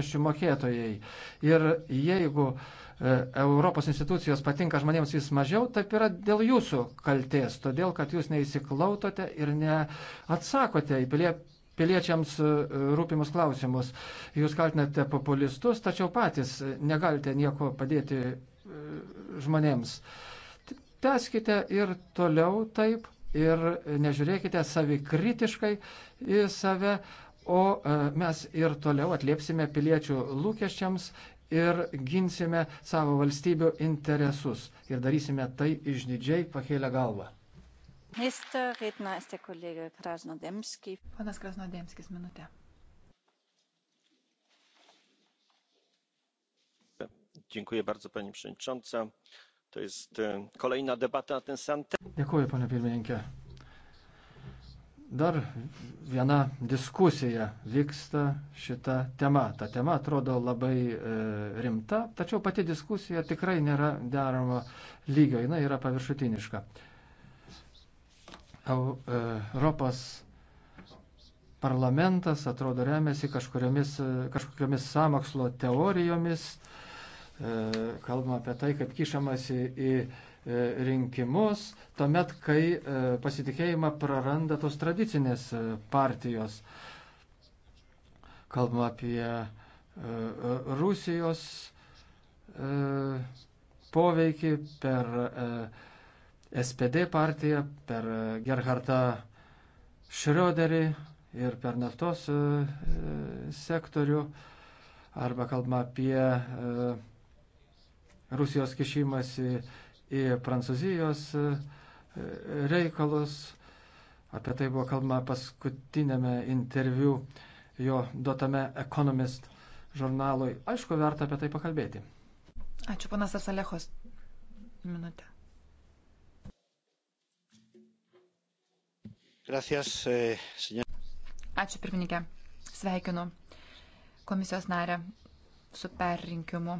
mokesčių mokėtojai. Ir jeigu e, Europos institucijos patinka žmonėms vis mažiau, taip yra dėl jūsų kalties, todėl kad jūs neįsiklautote ir neatsakote į pilie, piliečiams e, rūpimus klausimus. Jūs kaltinate populistus, tačiau patys negalite nieko padėti e, žmonėms. Teskite ir toliau taip ir nežiūrėkite savikritiškai į save, o e, mes ir toliau atliepsime piliečių lūkesčiams ir ginsime savo valstybių interesus. Ir darysime tai išdidžiai pakėlę galvą. Panas Krasnodemskis, minutė. Dziękuję bardzo Pani Przewodnicząca. To jest e, kolejna debata na ten sam temat. Dziękuję Panie Pirmininkie. Dar viena diskusija vyksta šita tema. Ta tema atrodo labai e, rimta, tačiau pati diskusija tikrai nėra derama lygio, jinai yra paviršutiniška. E, Europos parlamentas atrodo remiasi kažkokiamis, e, kažkokiamis samokslo teorijomis, e, kalbama apie tai, kaip kišamasi į E, rinkimus, tuomet, kai e, pasitikėjimą praranda tos tradicinės e, partijos. Kalbama apie Rusijos poveikį per SPD partiją, per Gerhardą Šrioderį ir per naftos sektorių, arba kalbama apie Rusijos kišimasi į Prancūzijos e, reikalus. Apie tai buvo kalbama paskutinėme interviu jo duotame Economist žurnalui. Aišku, verta apie tai pakalbėti. Ačiū, panas Arsalechos. Minutė. Gracias, eh, señor. Ačiū, pirmininkė. Sveikinu komisijos narę su perrinkimu.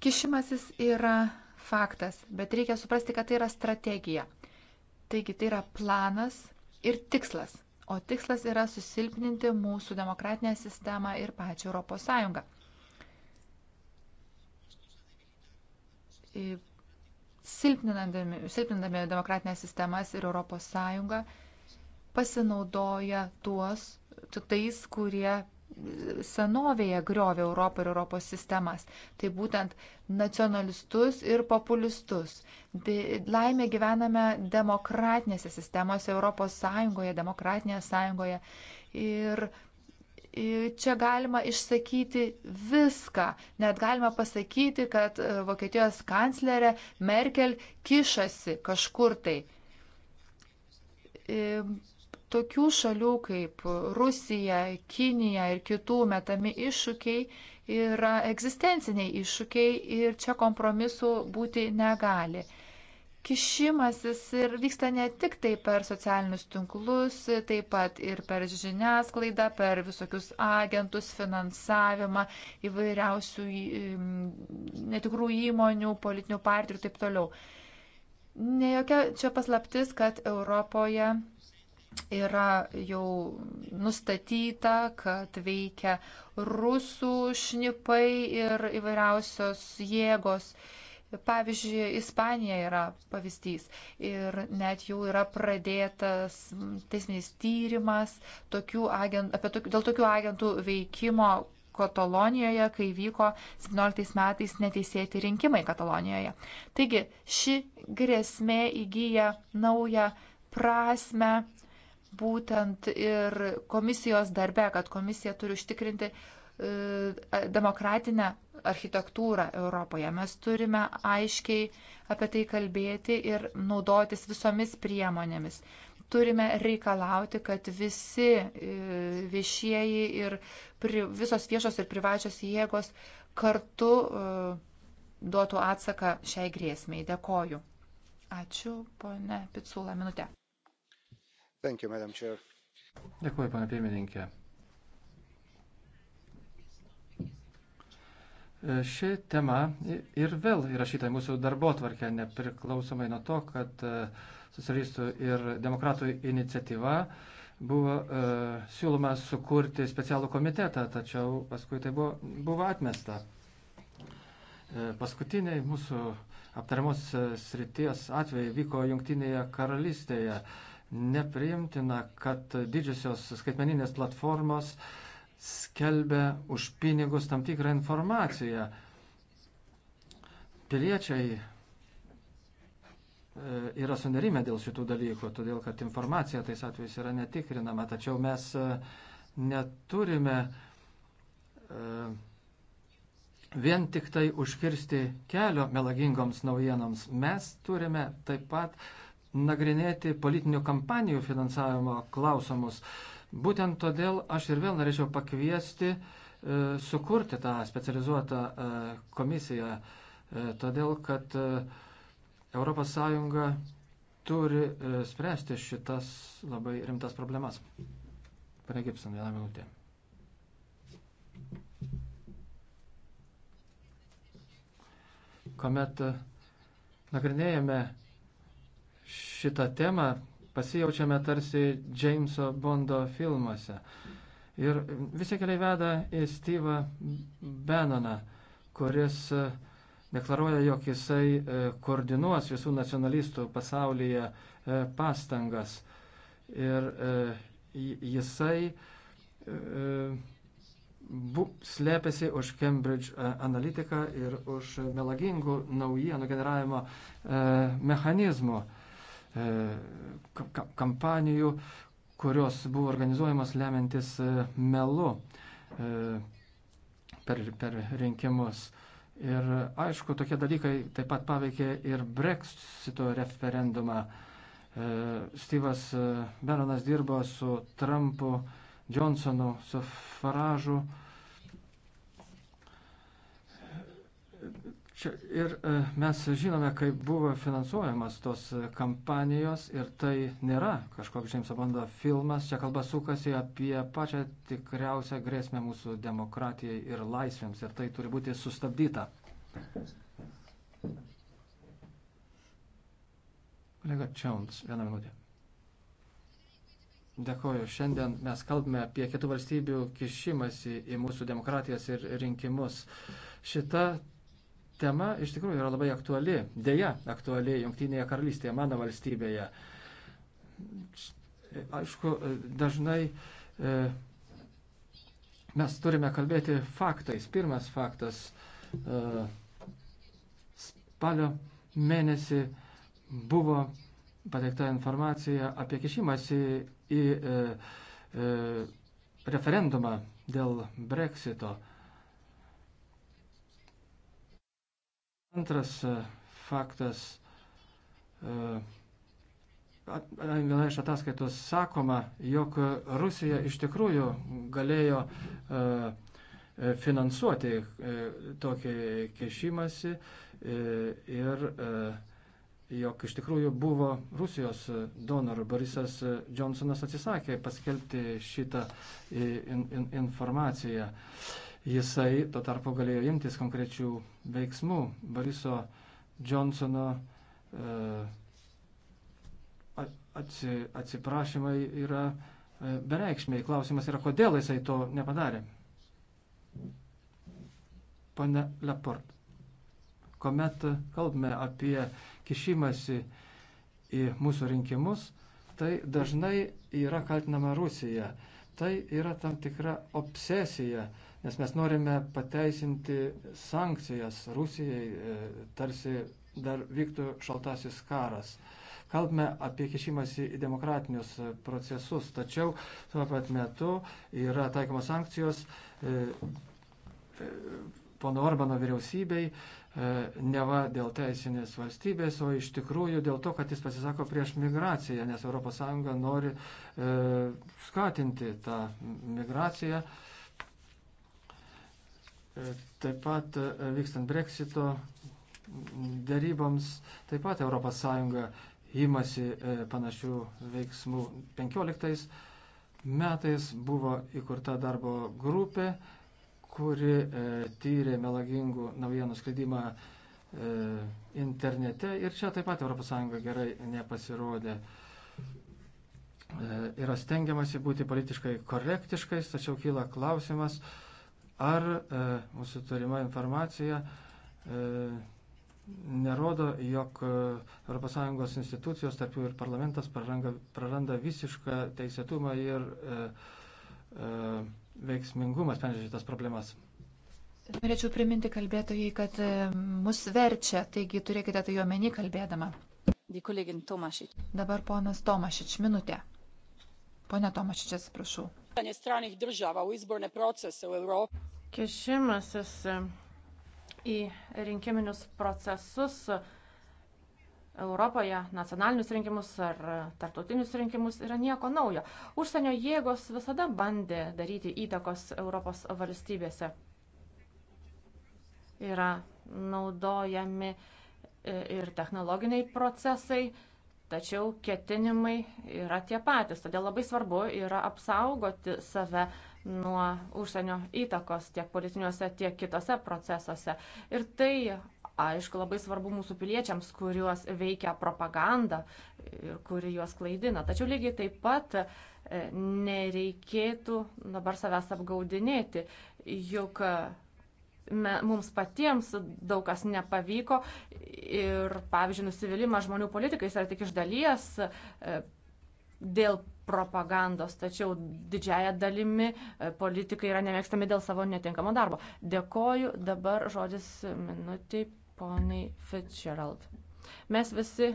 Kišimasis yra faktas, bet reikia suprasti, kad tai yra strategija. Taigi tai yra planas ir tikslas. O tikslas yra susilpninti mūsų demokratinę sistemą ir pačią Europos Sąjungą. Silpninami, silpninami demokratinės sistemas ir Europos Sąjungą pasinaudoja tuos, tais, kurie senovėje griovė Europą ir Europos sistemas. Tai būtent nacionalistus ir populistus. Laimė gyvename demokratinėse sistemose, Europos Sąjungoje, demokratinėje sąjungoje. Ir čia galima išsakyti viską. Net galima pasakyti, kad e, Vokietijos kanclerė Merkel kišasi kažkur tai. E, tokių šalių kaip Rusija, Kinija ir kitų metami iššūkiai yra egzistenciniai iššūkiai ir čia kompromisų būti negali. Kišimasis ir vyksta ne tik tai per socialinius tinklus, taip pat ir per žiniasklaidą, per visokius agentus, finansavimą, įvairiausių netikrų įmonių, politinių partijų ir taip toliau. Ne jokia čia paslaptis, kad Europoje yra jau nustatyta, kad veikia rusų šnipai ir įvairiausios jėgos. Pavyzdžiui, Ispanija yra pavyzdys ir net jau yra pradėtas teisminis tyrimas tokių agent, apie, tokių, dėl tokių agentų veikimo Katalonijoje, kai vyko 17 metais neteisėti rinkimai Katalonijoje. Taigi, ši grėsmė įgyja naują prasme būtent ir komisijos darbe, kad komisija turi užtikrinti e, demokratinę architektūrą Europoje. Mes turime aiškiai apie tai kalbėti ir naudotis visomis priemonėmis. Turime reikalauti, kad visi e, viešieji ir pri, visos viešos ir privačios jėgos kartu e, duotų atsaką šiai grėsmiai. Dėkoju. Ačiū, ponė Pitsula, minutė. Thank you, Madam Chair. Dėkuoju, pana pirmininkė. Ši tema ir vėl įrašyta į mūsų darbo tvarkę, nepriklausomai nuo to, kad e, socialistų ir demokratų iniciatyva buvo e, siūloma sukurti specialų komitetą, tačiau paskui tai buvo, buvo atmesta. E, paskutiniai mūsų aptariamos e, srities atvejai vyko Junktinėje karalystėje. E, Nepriimtina, kad didžiosios skaitmeninės platformos skelbia už pinigus tam tikrą informaciją. Piliečiai e, yra sunerime dėl šitų dalykų, todėl kad informacija tais atvejais yra netikrinama, tačiau mes e, neturime e, vien tik tai užkirsti kelio melagingoms naujienoms. Mes turime taip pat nagrinėti politinių kampanijų finansavimo klausimus. Būtent todėl aš ir vėl norėčiau pakviesti e, sukurti tą specializuotą e, komisiją, e, todėl kad e, ES turi e, spręsti šitas labai rimtas problemas. Pane Gibson, vieną minutę. Komet e, nagrinėjame šitą temą pasijaučiame tarsi Jameso Bondo filmuose. Ir visi keliai veda į Steve'ą Bannoną, kuris e, deklaruoja, jog jisai e, koordinuos visų nacionalistų pasaulyje e, pastangas. Ir jisai bu, slėpėsi už Cambridge analitiką ir už melagingų naujienų generavimo mechanizmų. E, kampanijų, kurios buvo organizuojamos lemiantis e, melu e, per, per rinkimus. Ir aišku, tokie dalykai taip pat paveikė ir Brexito referendumą. Styvas Beronas dirbo su Trumpu, Johnsonu, su Faražu. Ir e, mes žinome, kaip buvo finansuojamas tos e, kampanijos ir tai nėra kažkoks Džeimso Bondo filmas. Čia kalba sukasi apie pačią tikriausią grėsmę mūsų demokratijai ir laisvėms ir tai turi būti sustabdyta. Kolega Čiauns, vieną minutę. Dėkoju. Šiandien mes kalbame apie kitų valstybių kišimąsi į mūsų demokratijas ir rinkimus. Šita tema iš tikrųjų yra labai aktuali, dėja aktuali Junktinėje karalystėje, mano valstybėje. Aišku, dažnai e, mes turime kalbėti faktais. Pirmas faktas. E, spalio mėnesį buvo pateikta informacija apie kišimąsi į, į e, e, referendumą dėl Brexito. E, Antras e, faktas. E, viena iš ataskaitos sakoma, jog Rusija iš tikrųjų galėjo e, finansuoti tokį kešimąsi ir jog iš tikrųjų buvo Rusijos donorų. Borisas Johnsonas atsisakė paskelbti šitą informaciją. Jisai tuo tarpu galėjo imtis konkrečių veiksmų. Boriso Johnsono e, atsiprašymai yra e, bereikšmiai. Klausimas yra, kodėl jisai to nepadarė. Pane Leport, kuomet kalbame apie kišimasi į mūsų rinkimus, tai dažnai yra kaltinama Rusija. Tai yra tam tikra obsesija nes mes norime pateisinti sankcijas Rusijai, e, tarsi dar vyktų šaltasis karas. Kalbame apie kešimąsi į demokratinius procesus, tačiau tuo pat metu yra taikomos sankcijos e, e, pono Orbano vyriausybei, neva dėl teisinės valstybės, o iš tikrųjų dėl to, kad jis pasisako prieš migraciją, nes ES nori skatinti tą migraciją. E, Taip pat e, vykstant breksito dėryboms, taip pat ES įmasi e, panašių veiksmų. 15 metais buvo įkurta darbo grupė, kuri e, tyrė melagingų naujienų skraidimą internete ir čia taip pat ES gerai nepasirodė. Yra stengiamasi būti politiškai korektiškais, tačiau kyla klausimas, ar e, mūsų turima informacija e, nerodo, jog ES institucijos, tarp jų ir parlamentas, praranga, praranda visišką teisėtumą ir e, e, veiksmingumą sprendžiant šitas problemas. Norėčiau priminti kalbėtojai, kad e, mus verčia, taigi turėkite tai omeny kalbėdama. Dabar ponas Tomašič, minutė. Pone Tomašič, atsiprašau uplitanje stranih država u izborne procese u europi kišimasis į e, rinkiminius procesus Europoje, nacionalinius rinkimus ar tartutinius rinkimus yra nieko naujo. Užsienio jėgos visada bandė daryti įtakos Europos valstybėse. Yra naudojami e, ir technologiniai procesai, tačiau ketinimai yra tie patys. Todėl labai svarbu yra apsaugoti save nuo užsienio įtakos tiek politiniuose, tiek kitose procesuose. Ir tai, aišku, labai svarbu mūsų piliečiams, kuriuos veikia propaganda ir kuri juos klaidina. Tačiau lygiai taip pat e, nereikėtų dabar savęs apgaudinėti, juk me, mums patiems daug kas nepavyko ir, pavyzdžiui, nusivylimas žmonių politikais yra tik iš dalies e, dėl propagandos, tačiau didžiaja dalimi e, politikai yra nemėgstami dėl savo netinkamo darbo. Dėkoju, dabar žodis minutiai poniai Fitzgerald. Mes visi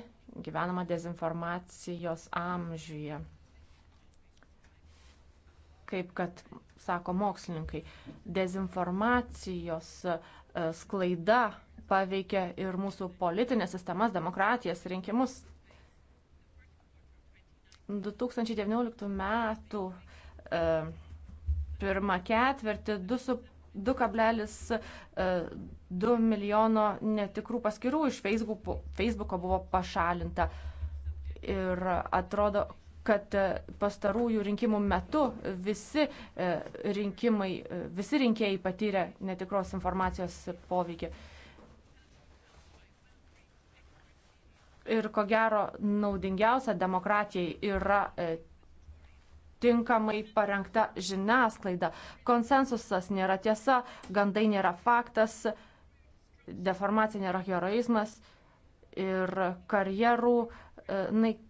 gyvename dezinformacijos amžiuje. Kaip kad sako mokslininkai. Dezinformacijos e, sklaida paveikia ir mūsų politinės sistemas, demokratijas, rinkimus. 2019 metų e, pirmą ketvirtį 2,2 e, milijono netikrų paskirų iš Facebook'o Facebook buvo pašalinta. Ir atrodo, kad e, pastarųjų rinkimų metu visi e, rinkimai, e, visi rinkėjai patyrė netikros informacijos poveikį. Ir ko gero naudingiausia demokratijai yra tinkamai parengta žiniasklaida. Konsensusas nėra tiesa, gandai nėra faktas, deformacija nėra heroizmas ir karjerų naik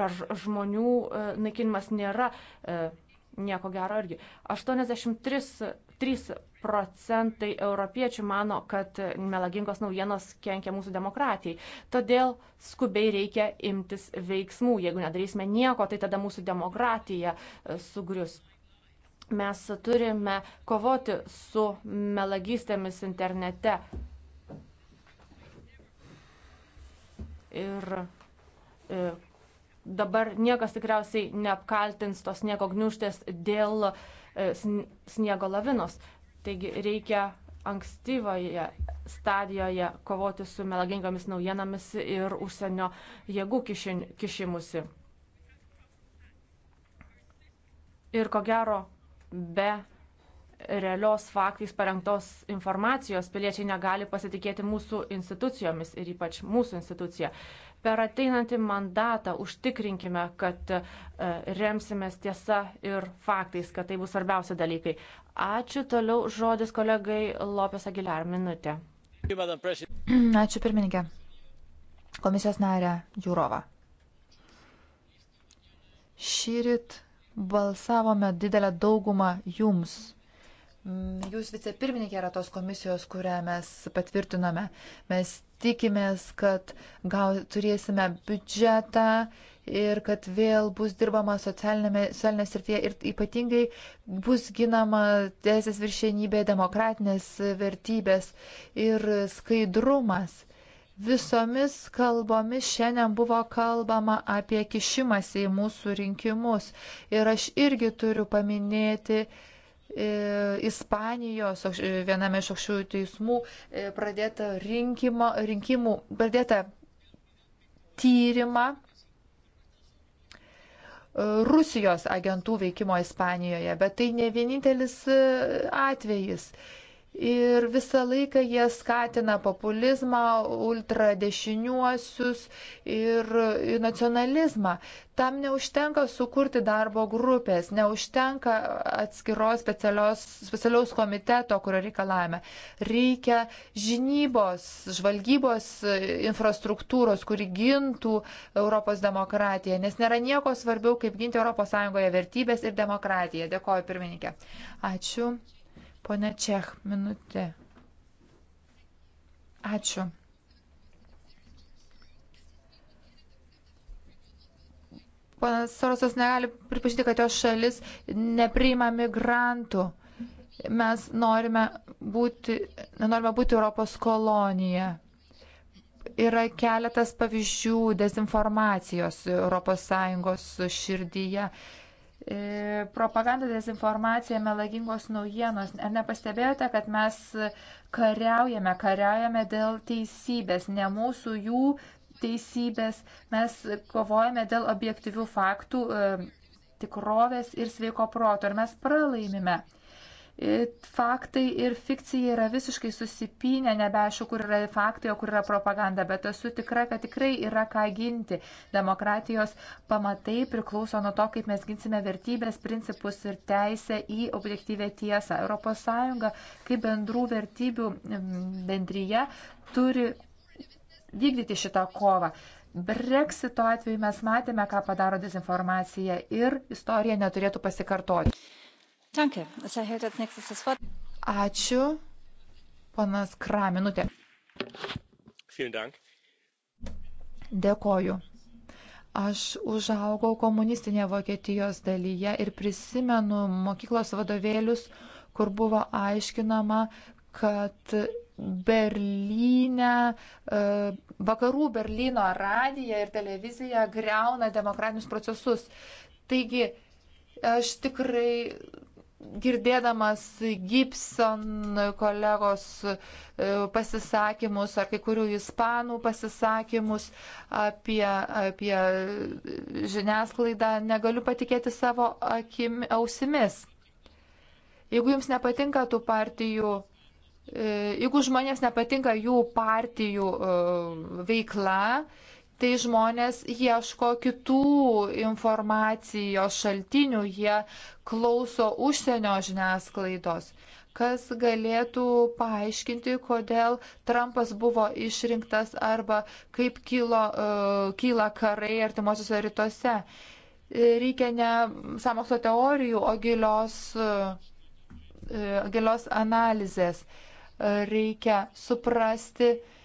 ar žmonių e, naikinimas nėra e, nieko gero irgi. 83 procentai europiečių mano, kad melagingos naujienos kenkia mūsų demokratijai. Todėl skubiai reikia imtis veiksmų. Jeigu nedarysime nieko, tai tada mūsų demokratija e, sugrius. Mes turime kovoti su melagystėmis internete. Ir dabar niekas tikriausiai neapkaltins tos sniego gniuštės dėl e, sniego lavinos. Taigi reikia ankstyvoje stadijoje kovoti su melagingomis naujienomis ir užsienio jėgų kišin, kišimusi. Ir ko gero, be realios faktais parengtos informacijos piliečiai negali pasitikėti mūsų institucijomis ir ypač mūsų institucija. Uh, Per ateinantį mandatą užtikrinkime, kad e, remsimės tiesa ir faktais, kad tai bus svarbiausia dalykai. Ačiū toliau žodis kolegai Lopės Agiliar minutė. Ačiū pirmininkė. Komisijos narė Jūrova. Šįryt balsavome didelę daugumą jums Mm, jūs vicepirmininkė yra tos komisijos, kurią mes patvirtinome. Mes tikimės, kad gal turėsime biudžetą ir kad vėl bus dirbama socialinė srityje ir ypatingai bus ginama teisės viršienybė, demokratinės vertybės ir skaidrumas. Visomis kalbomis šiandien buvo kalbama apie kišimąsi į mūsų rinkimus ir aš irgi turiu paminėti, E, Ispanijos e, viename iš aukščių teismų e, pradėta rinkimo, rinkimų, pradėta tyrimą Rusijos agentų veikimo Ispanijoje, bet tai ne vienintelis atvejis. Ir visą laiką jie skatina populizmą, ultradešiniuosius ir nacionalizmą. Tam neužtenka sukurti darbo grupės, neužtenka atskiros specialios, specialiaus komiteto, kurio reikalavime. Reikia žinybos, žvalgybos infrastruktūros, kuri gintų Europos demokratiją, nes nėra nieko svarbiau, kaip ginti ES vertybės ir demokratiją. Dėkoju, pirmininkė. Ačiū. Pone Čech, minutė. Ačiū. Panas Sorosas negali pripažinti, kad jos šalis nepriima migrantų. Mes norime būti, nenorime būti Europos kolonija. Yra keletas pavyzdžių dezinformacijos ES širdyje. E, propaganda, dezinformacija, melagingos naujienos. Ar nepastebėjote, kad mes kariaujame, kariaujame dėl teisybės, ne mūsų jų teisybės, mes kovojame dėl objektyvių faktų, e, tikrovės ir sveiko proto. Ir mes pralaimime faktai ir fikcija yra visiškai susipinę, nebeaišku, kur yra faktai, o kur yra propaganda, bet esu tikra, kad tikrai yra ką ginti. Demokratijos pamatai priklauso nuo to, kaip mes ginsime vertybės, principus ir teisę į objektyvę tiesą. ES kaip bendrų vertybių bendryje turi vykdyti šitą kovą. Brexito atveju mes matėme, ką padaro dezinformacija ir istorija neturėtų pasikartoti. Ačiū. Panas Kra, minutė. Dėkoju. Aš užaugau komunistinėje Vokietijos dalyje ir prisimenu mokyklos vadovėlius, kur buvo aiškinama, kad Berlyne, e, vakarų Berlyno radija ir televizija greuna demokratinius procesus. Taigi, aš tikrai girdėdamas Gibson kolegos e, pasisakymus ar kai kurių ispanų pasisakymus apie, apie žiniasklaidą, negaliu patikėti savo akim, ausimis. Jeigu jums nepatinka tų partijų, e, jeigu žmonės nepatinka jų partijų e, veikla, tai žmonės ieško kitų informacijos šaltinių, jie klauso užsienio žiniasklaidos. Kas galėtų paaiškinti, kodėl Trumpas buvo išrinktas arba kaip kilo, uh, kyla karai artimuosiuose rytuose. E, reikia ne samokslo teorijų, o gilios, uh, gilios analizės. Reikia suprasti, uh,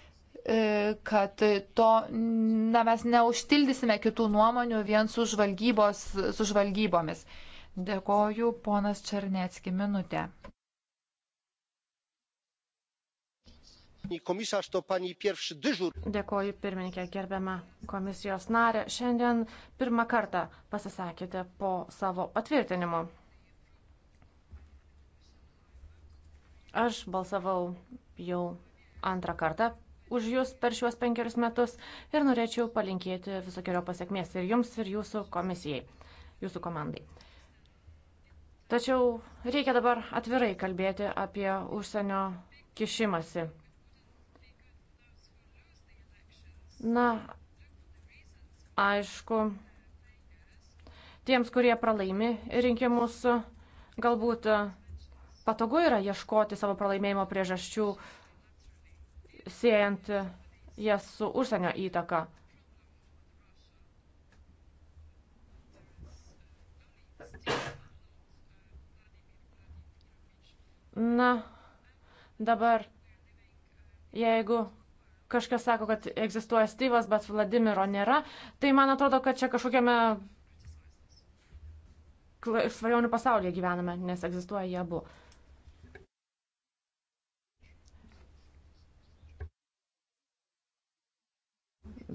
E, kad to, na, mes neužtildysime kitų nuomonių vien su, žvalgybos, su žvalgybomis. Dėkoju, ponas Černecki, minutę. komisarz to pani pierwszy dyżur. Dėkoju pirmininkė, gerbiama komisijos narė. Šiandien pirmą kartą pasisakėte po savo patvirtinimo. Aš balsavau jau antrą kartą už Jūs per šiuos penkerius metus ir norėčiau palinkėti visokiojo pasiekmės ir Jums, ir Jūsų komisijai, Jūsų komandai. Tačiau reikia dabar atvirai kalbėti apie užsienio kišimasi. Na, aišku, tiems, kurie pralaimi rinkimus, galbūt patogu yra ieškoti savo pralaimėjimo priežasčių siejant jas su užsienio įtaka. Na, dabar, jeigu kažkas sako, kad egzistuoja Styvas, bet Vladimiro nėra, tai man atrodo, kad čia kažkokiame svajonių pasaulyje gyvename, nes egzistuoja jie abu.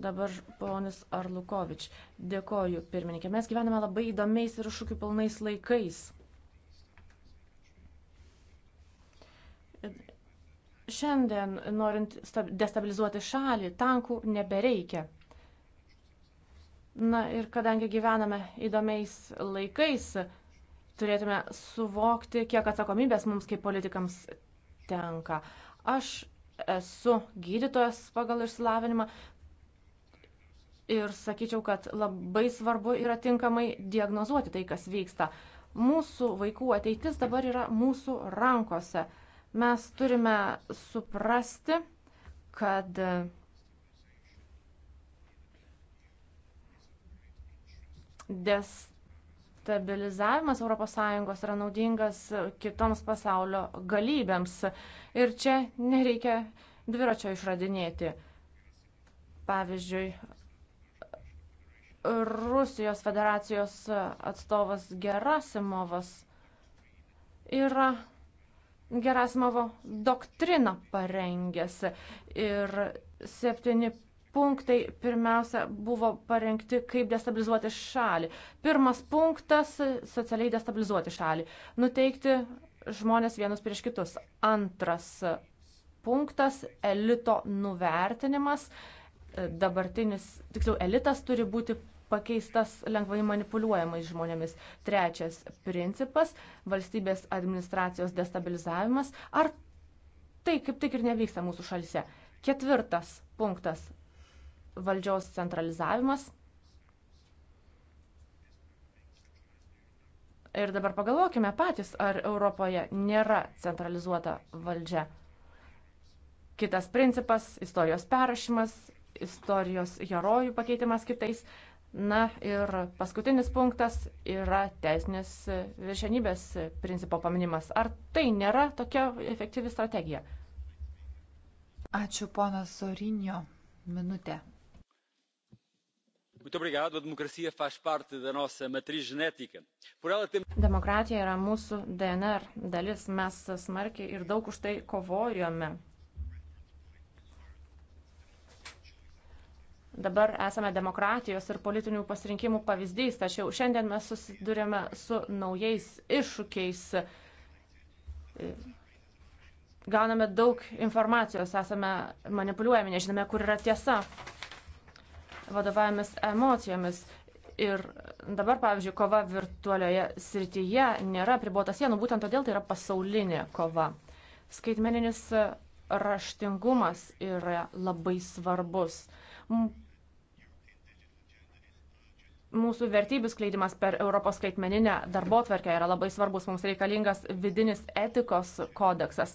Dabar ponis Arlukovič. Dėkoju, pirmininkė. Mes gyvename labai įdomiais ir šūkių pilnais laikais. Šiandien, norint destabilizuoti šalį, tankų nebereikia. Na ir kadangi gyvename įdomiais laikais, turėtume suvokti, kiek atsakomybės mums kaip politikams tenka. Aš esu gydytojas pagal išsilavinimą, ir sakyčiau, kad labai svarbu yra tinkamai diagnozuoti tai, kas vyksta. Mūsų vaikų ateitis dabar yra mūsų rankose. Mes turime suprasti, kad destabilizavimas ES yra naudingas kitoms pasaulio galybėms. Ir čia nereikia dviračio išradinėti. Pavyzdžiui, Rusijos federacijos atstovas Gerasimovas yra Gerasimovo doktriną parengęs ir septyni punktai pirmiausia buvo parengti, kaip destabilizuoti šalį. Pirmas punktas - socialiai destabilizuoti šalį, nuteikti žmonės vienus prieš kitus. Antras punktas - elito nuvertinimas dabartinis, tiksliau, elitas turi būti pakeistas lengvai manipuliuojamais žmonėmis. Trečias principas - valstybės administracijos destabilizavimas. Ar tai kaip tik ir nevyksta mūsų šalise? Ketvirtas punktas - valdžios centralizavimas. Ir dabar pagalvokime patys, ar Europoje nėra centralizuota valdžia. Kitas principas - istorijos perrašymas, istorijos herojų pakeitimas kitais. Na ir paskutinis punktas yra teisinės viršenybės principo paminimas. Ar tai nėra tokia efektyvi strategija? Ačiū, ponas Sorinio. Minutė. Demokratija yra mūsų DNR dalis. Mes smarkiai ir daug už tai kovojome. Dabar esame demokratijos ir politinių pasirinkimų pavyzdys, tačiau šiandien mes susidurėme su naujais iššūkiais. Gauname daug informacijos, esame manipuliuojami, nežinome, kur yra tiesa. Vadovavomės emocijomis. Ir dabar, pavyzdžiui, kova virtualioje srityje nėra pribota sienų, būtent todėl tai yra pasaulinė kova. Skaitmeninis raštingumas yra labai svarbus mūsų vertybių skleidimas per Europos skaitmeninę darbo tvarkę yra labai svarbus. Mums reikalingas vidinis etikos kodeksas.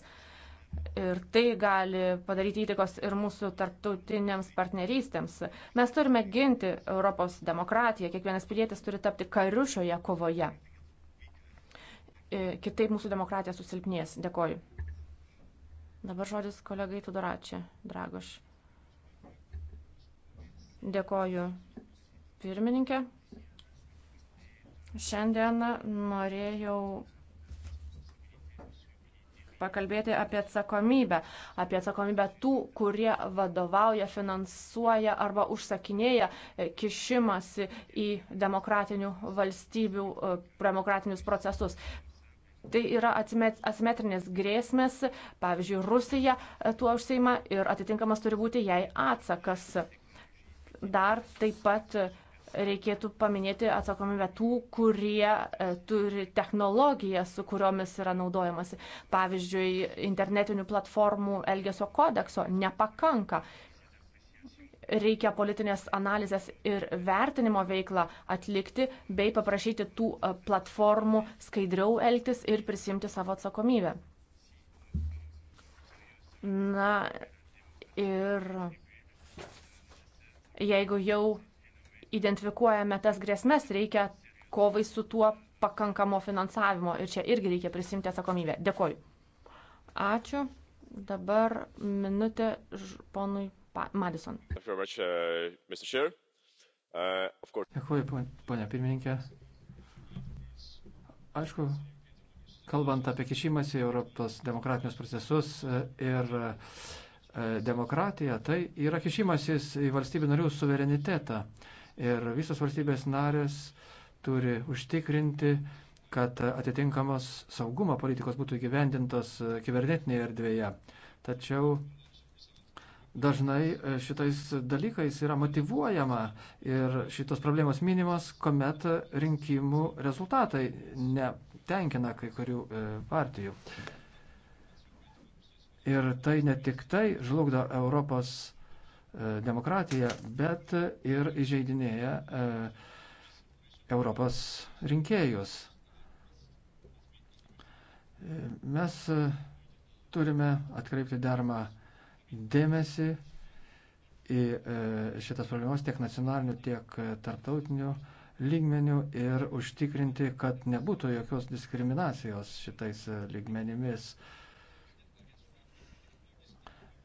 Ir tai gali padaryti įtikos ir mūsų tarptautinėms partnerystėms. Mes turime ginti Europos demokratiją. Kiekvienas pilietis turi tapti kariu šioje kovoje. E, kitaip mūsų demokratija susilpnės. Dėkoju. Dabar žodis kolegai Tudoračiai, Dragoš. Dėkoju, pirmininkė. Šiandieną norėjau pakalbėti apie atsakomybę, apie atsakomybę tų, kurie vadovauja, finansuoja arba užsakinėja e, kišimasi į demokratinių valstybių e, demokratinius procesus. Tai yra asimetrinės grėsmės, pavyzdžiui, Rusija e, tuo užseima ir atitinkamas turi būti jai atsakas. Dar taip pat reikėtų paminėti atsakomybę tų, kurie e, turi technologijas, su kuriomis yra naudojamasi. Pavyzdžiui, internetinių platformų elgesio kodekso nepakanka. Reikia politinės analizės ir vertinimo veiklą atlikti, bei paprašyti tų e, platformų skaidriau elgtis ir prisimti savo atsakomybę. Na ir jeigu jau identifikuojame tas grėsmes, reikia kovai su tuo pakankamo finansavimo ir čia irgi reikia prisimti atsakomybę. Dėkoju. Ačiū. Dabar minutė ponui Madison. Uh, uh, Dėkuoju, ponia pirmininkė. Aišku, kalbant apie kišimąsi į Europos demokratinius procesus uh, ir demokratiją, tai yra kišimasis į valstybių narių suverenitetą. Ir visos valstybės narės turi užtikrinti, kad atitinkamos saugumo politikos būtų įgyvendintos kibernetinėje erdvėje. Tačiau dažnai e, šitais dalykais yra motivuojama ir šitos problemos minimos, kuomet rinkimų rezultatai netenkina kai kurių e, partijų. Ir tai ne tik tai žlugdo Europos E, demokratiją, bet ir įžeidinėja e, Europos rinkėjus. E, mes turime atkreipti dermą dėmesį į šitas problemas tiek nacionaliniu, tiek tarptautiniu lygmeniu ir užtikrinti, kad nebūtų jokios diskriminacijos šitais lygmenimis.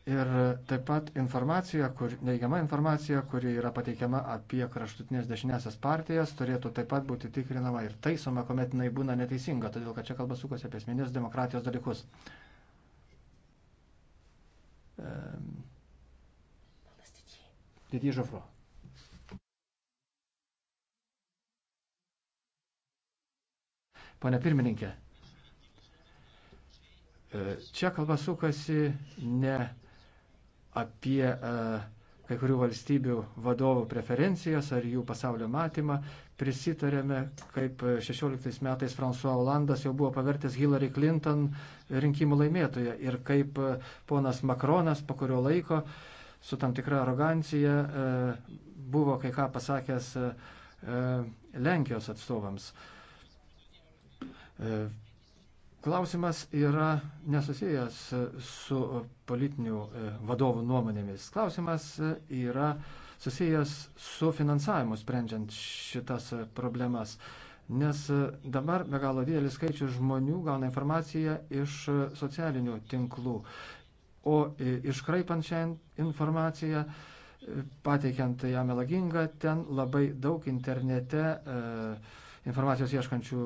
Ir taip pat informacija, kur, neigiama informacija, kuri yra pateikiama apie kraštutinės dešinėsias partijas, turėtų taip pat būti tikrinama ir taisoma, kuomet jinai būna neteisinga, todėl kad čia kalba sukasi apie esminės demokratijos dalykus. Didį žofro. Pane pirmininkė, e, čia kalba sukasi ne apie e, kai kurių valstybių vadovų preferencijas ar jų pasaulio matymą, prisitarėme, kaip 16 metais François Hollandas jau buvo pavertęs Hillary Clinton rinkimų laimėtoje ir kaip ponas Makronas po kurio laiko su tam tikra arogancija e, buvo kai ką pasakęs e, Lenkijos atstovams. Klausimas yra nesusijęs su politinių e, vadovų nuomonėmis. Klausimas e, yra susijęs su finansavimu sprendžiant šitas e, problemas. Nes dabar be galo didelis skaičius žmonių gauna informaciją iš socialinių tinklų. O iškraipant šią informaciją, pateikiant ją melagingą, ten labai daug internete informacijos ieškančių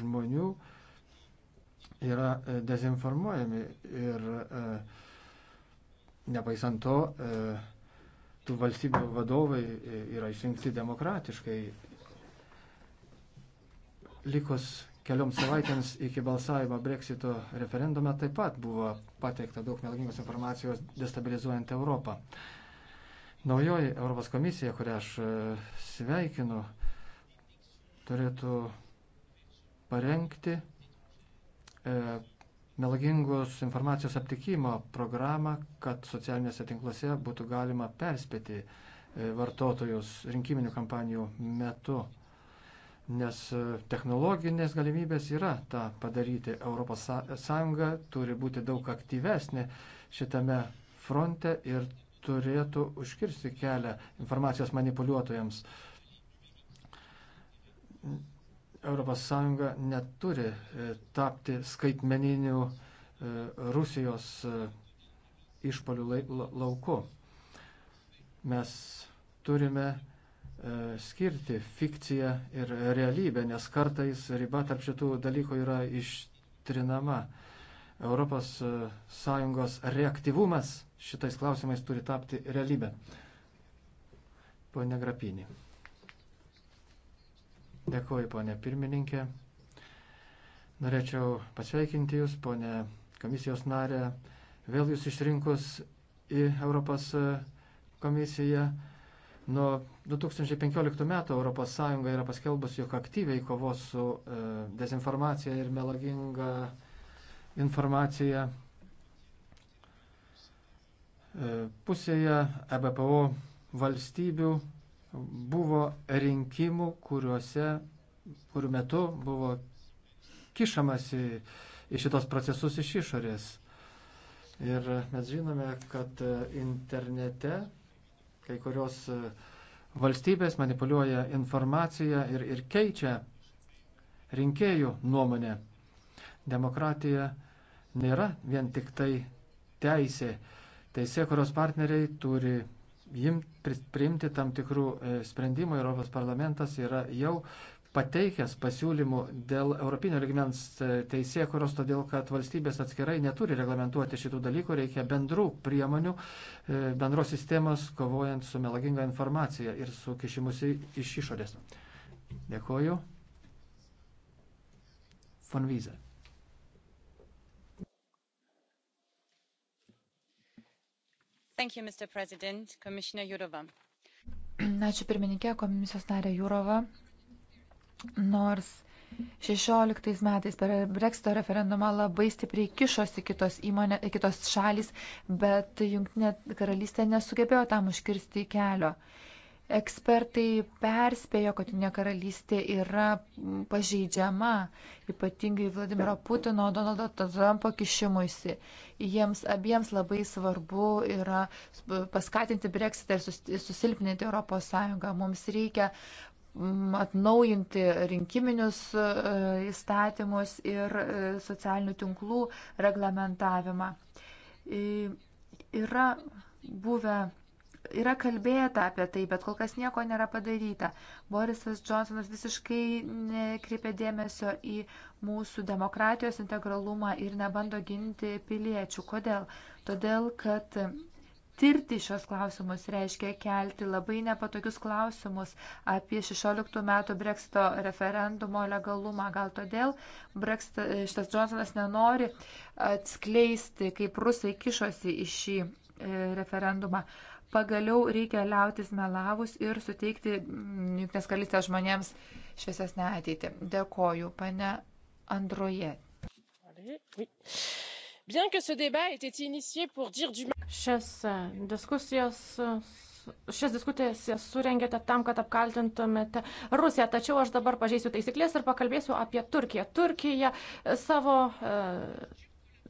žmonių yra e, dezinformuojami ir e, nepaisant to, e, tų valstybių vadovai yra išrinkti demokratiškai. Likus kelioms savaitėms iki balsavimo Brexito referendume taip pat buvo pateikta daug melagingos informacijos destabilizuojant Europą. Naujoji Europos komisija, kurią aš sveikinu, turėtų parengti E, melagingos informacijos aptikimo programą, kad socialinėse tinkluose būtų galima perspėti e, vartotojus rinkiminių kampanijų metu. Nes e, technologinės galimybės yra tą padaryti. ES turi būti daug aktyvesnė šitame fronte ir turėtų užkirsti kelią informacijos manipuliuotojams. ES neturi e, tapti skaitmeniniu e, Rusijos e, išpolių lauku. Mes turime skirti fikciją ir realybę, nes kartais riba tarp šitų dalykų yra ištrinama. ES reaktyvumas šitais klausimais turi tapti realybę. Pone Grapinį. Dėkuoju, ponė pirmininkė. Norėčiau pasveikinti Jūs, ponė komisijos narė, vėl Jūs išrinkus į Europos komisiją. Nuo 2015 metų ES yra paskelbusi, jog aktyviai kovos su e, dezinformacija ir melaginga informacija. E, pusėje EBPO valstybių buvo rinkimų, kuriuose, kurių metu buvo kišamasi į, į šitos procesus iš išorės. Ir mes žinome, kad e, internete kai kurios e, valstybės manipuliuoja informaciją ir, ir keičia rinkėjų nuomonę. Demokratija nėra vien tik tai teisė. Teisė, kurios partneriai turi jim priimti tam tikrų e, sprendimų. Europos parlamentas yra jau pateikęs pasiūlymų dėl Europinio ligmens e, teisėkuros, todėl kad valstybės atskirai neturi reglamentuoti šitų dalykų, reikia bendrų priemonių, e, bendros sistemos, kovojant su melaginga informacija ir su kišimusi iš išorės. Dėkoju. Von Wiese. You, Ačiū pirmininkė, komisijos narė Jūrova. Nors 16 metais per Brexito referendumą labai stipriai kišosi kitos, įmonė, kitos šalis, bet Junktinė karalystė nesugebėjo tam užkirsti kelio. Ekspertai perspėjo, kad Junė karalystė yra pažeidžiama, ypatingai Vladimiro Putino, Donaldo Trumpo kišimuisi. Jiems abiems labai svarbu yra paskatinti Brexitą ir susilpninti ES. Mums reikia mm, atnaujinti rinkiminius e, įstatymus ir e, socialinių tinklų reglamentavimą. E, yra buvę Yra kalbėta apie tai, bet kol kas nieko nėra padaryta. Borisas Johnsonas visiškai nekreipia dėmesio į mūsų demokratijos integralumą ir nebando ginti piliečių. Kodėl? Todėl, kad tirti šios klausimus reiškia kelti labai nepatogius klausimus apie 16 metų Brexito referendumo legalumą. Gal todėl Brexit, šitas Johnsonas nenori atskleisti, kaip rusai kišosi į šį e, referendumą. Pagaliau reikia liautis melavus ir suteikti mm, Junktinės karalystės žmonėms šviesesnę ateitį. Dėkoju, pane Androje. Šias e, diskusijas šias diskusijas surengėte tam, kad apkaltintumėte Rusiją. Tačiau aš dabar pažeisiu taisyklės ir pakalbėsiu apie Turkiją. Turkija savo e,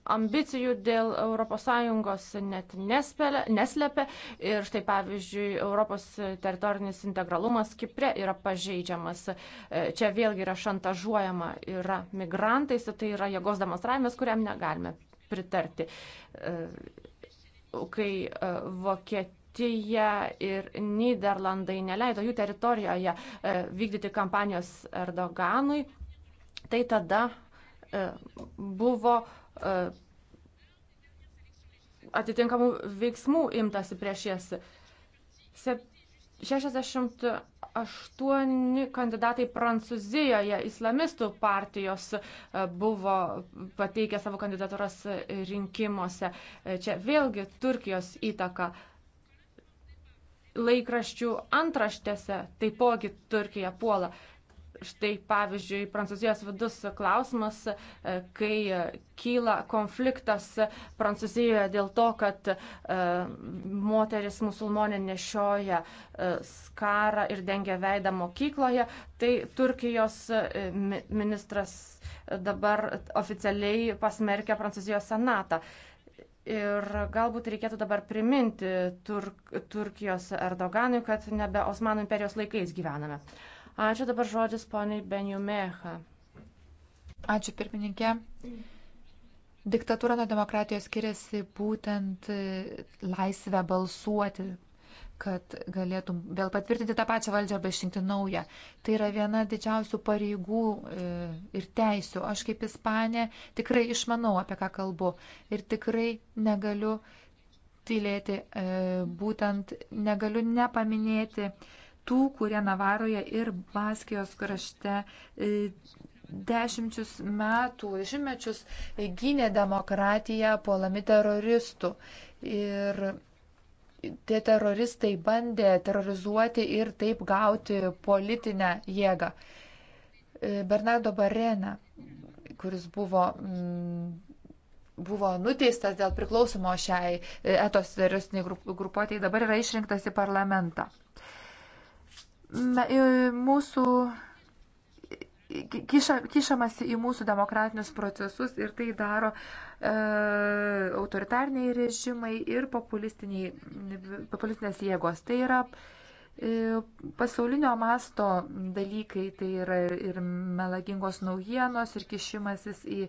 ambicijų dėl ES net nespėlė, neslepia. Ir štai pavyzdžiui, Europos teritorinis integralumas Kipre yra pažeidžiamas. E, čia vėlgi yra šantažuojama, yra migrantais, tai yra jėgos demonstravimas, kuriam negalime pritarti. E, kai Vokietija Vokietija ir Niderlandai neleido jų teritorijoje e, vykdyti kampanijos Erdoganui, tai tada buvo E, atitinkamų veiksmų imtasi prieš jas. 68 kandidatai Prancūzijoje islamistų partijos e, buvo pateikę savo kandidatūras rinkimuose. E, čia vėlgi Turkijos įtaka laikraščių antraštėse taipogi Turkija puola. Štai pavyzdžiui, Prancūzijos vidus klausimas, e, kai e, kyla konfliktas Prancūzijoje dėl to, kad e, moteris musulmonė nešioja skarą ir dengia veidą mokykloje, tai Turkijos ministras dabar oficialiai pasmerkia Prancūzijos senatą. Ir galbūt reikėtų dabar priminti Turk, Turkijos Erdoganui, kad nebe Osmanų imperijos laikais gyvename. Uh, Ačiū dabar žodis poniai Benjumecha. Ačiū pirmininkė. Diktatūra nuo demokratijos skiriasi būtent e, laisvę balsuoti, kad galėtum vėl patvirtinti tą pačią valdžią arba išrinkti naują. Tai yra viena didžiausių pareigų e, ir teisių. Aš kaip ispanė tikrai išmanau, apie ką kalbu. Ir tikrai negaliu tylėti, e, būtent negaliu nepaminėti tų, kurie Navaroje ir Baskijos krašte e, dešimčius metų, šimtmečius gynė demokratiją puolami teroristų. Ir tie teroristai bandė terrorizuoti ir taip gauti politinę jėgą. E, Bernardo Barena, kuris buvo, mm, buvo nuteistas dėl priklausimo šiai e, etos teroristiniai grupuotėjai, dabar yra išrinktas į parlamentą. E, mūsų kiša, kišamasi į mūsų demokratinius procesus ir tai daro e, autoritariniai režimai ir populistiniai, populistinės jėgos. Tai yra E, pasaulinio masto dalykai, tai yra ir melagingos naujienos, ir kišimasis į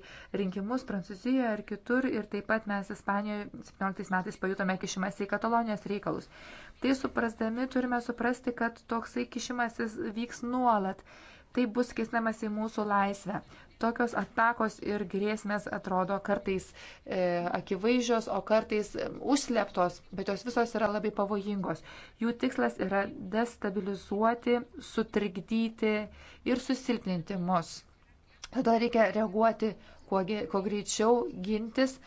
rinkimus Prancūzijoje ir kitur, ir taip pat mes Ispanijoje 17 metais pajutome kišimasi į Katalonijos reikalus. Tai suprasdami turime suprasti, kad toksai kišimasis vyks nuolat. Tai bus kisnamas į mūsų laisvę. Tokios atakos ir grėsmės atrodo kartais e, akivaizdžios, o kartais e, užsleptos, bet jos visos yra labai pavojingos. Jų tikslas yra destabilizuoti, sutrikdyti ir susilpninti mus. Todėl reikia reaguoti kuo, kuo greičiau, gintis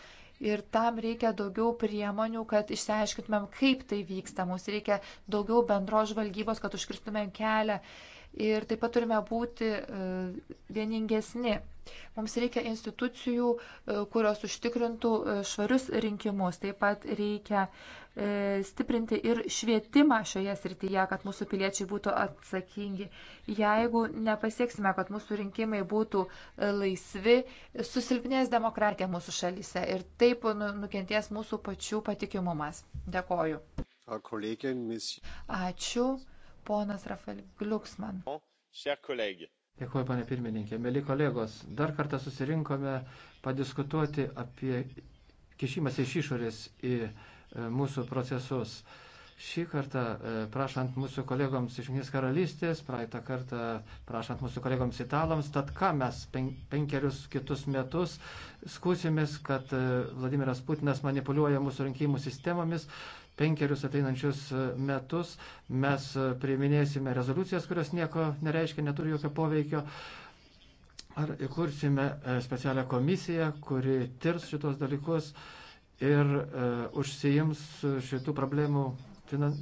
ir tam reikia daugiau priemonių, kad išsiaiškintumėm, kaip tai vyksta. Mums reikia daugiau bendros žvalgybos, kad užkirstumėm kelią ir taip pat turime būti e, vieningesni. Mums reikia institucijų, e, kurios užtikrintų e, švarius rinkimus. Taip pat reikia stiprinti ir švietimą šioje srityje, kad mūsų piliečiai būtų atsakingi. Jeigu nepasieksime, kad mūsų rinkimai būtų laisvi, susilpnės demokratija mūsų šalyse ir taip nu, nukenties mūsų pačių patikimumas. Dėkoju. Ačiū ponas Rafael Glucksman. Dėkuoju, pane pirmininkė. Mėly kolegos, dar kartą susirinkome padiskutuoti apie kišimas iš išorės į e, mūsų procesus. Šį kartą e, prašant mūsų kolegoms iš Jungtinės karalystės, praeitą kartą prašant mūsų kolegoms italams, tad ką mes penkerius kitus metus skusimės, kad e, Vladimiras Putinas manipuliuoja mūsų rinkimų sistemomis, penkerius ateinančius e, metus mes e, priiminėsime rezoliucijas, kurios nieko nereiškia, neturi jokio poveikio. Ar įkursime e, specialią komisiją, kuri tirs šitos dalykus ir e, užsijims šitų problemų finan,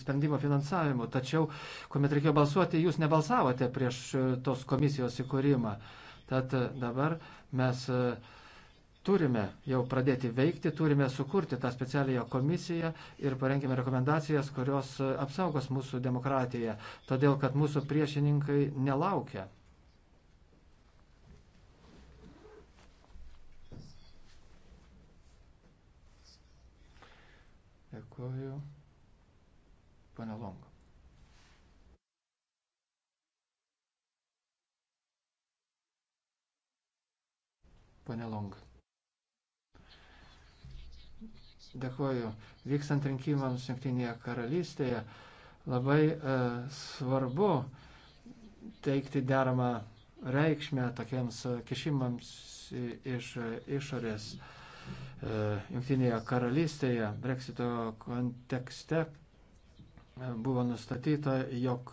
sprendimo finansavimu. Tačiau, kuomet reikėjo balsuoti, jūs nebalsavote prieš tos komisijos įkūrimą. Tad dabar mes. E, turime jau pradėti veikti, turime sukurti tą specialiją komisiją ir parengėme rekomendacijas, kurios apsaugos mūsų demokratiją, todėl kad mūsų priešininkai nelaukia. Dėkuoju. Pane Longo. Pane Longo. Dėkuoju. Vykstant rinkimams Junktinėje karalystėje labai e, svarbu teikti deramą reikšmę tokiems kišimams iš išorės e, Junktinėje karalystėje. Brexito kontekste e, buvo nustatyta, jog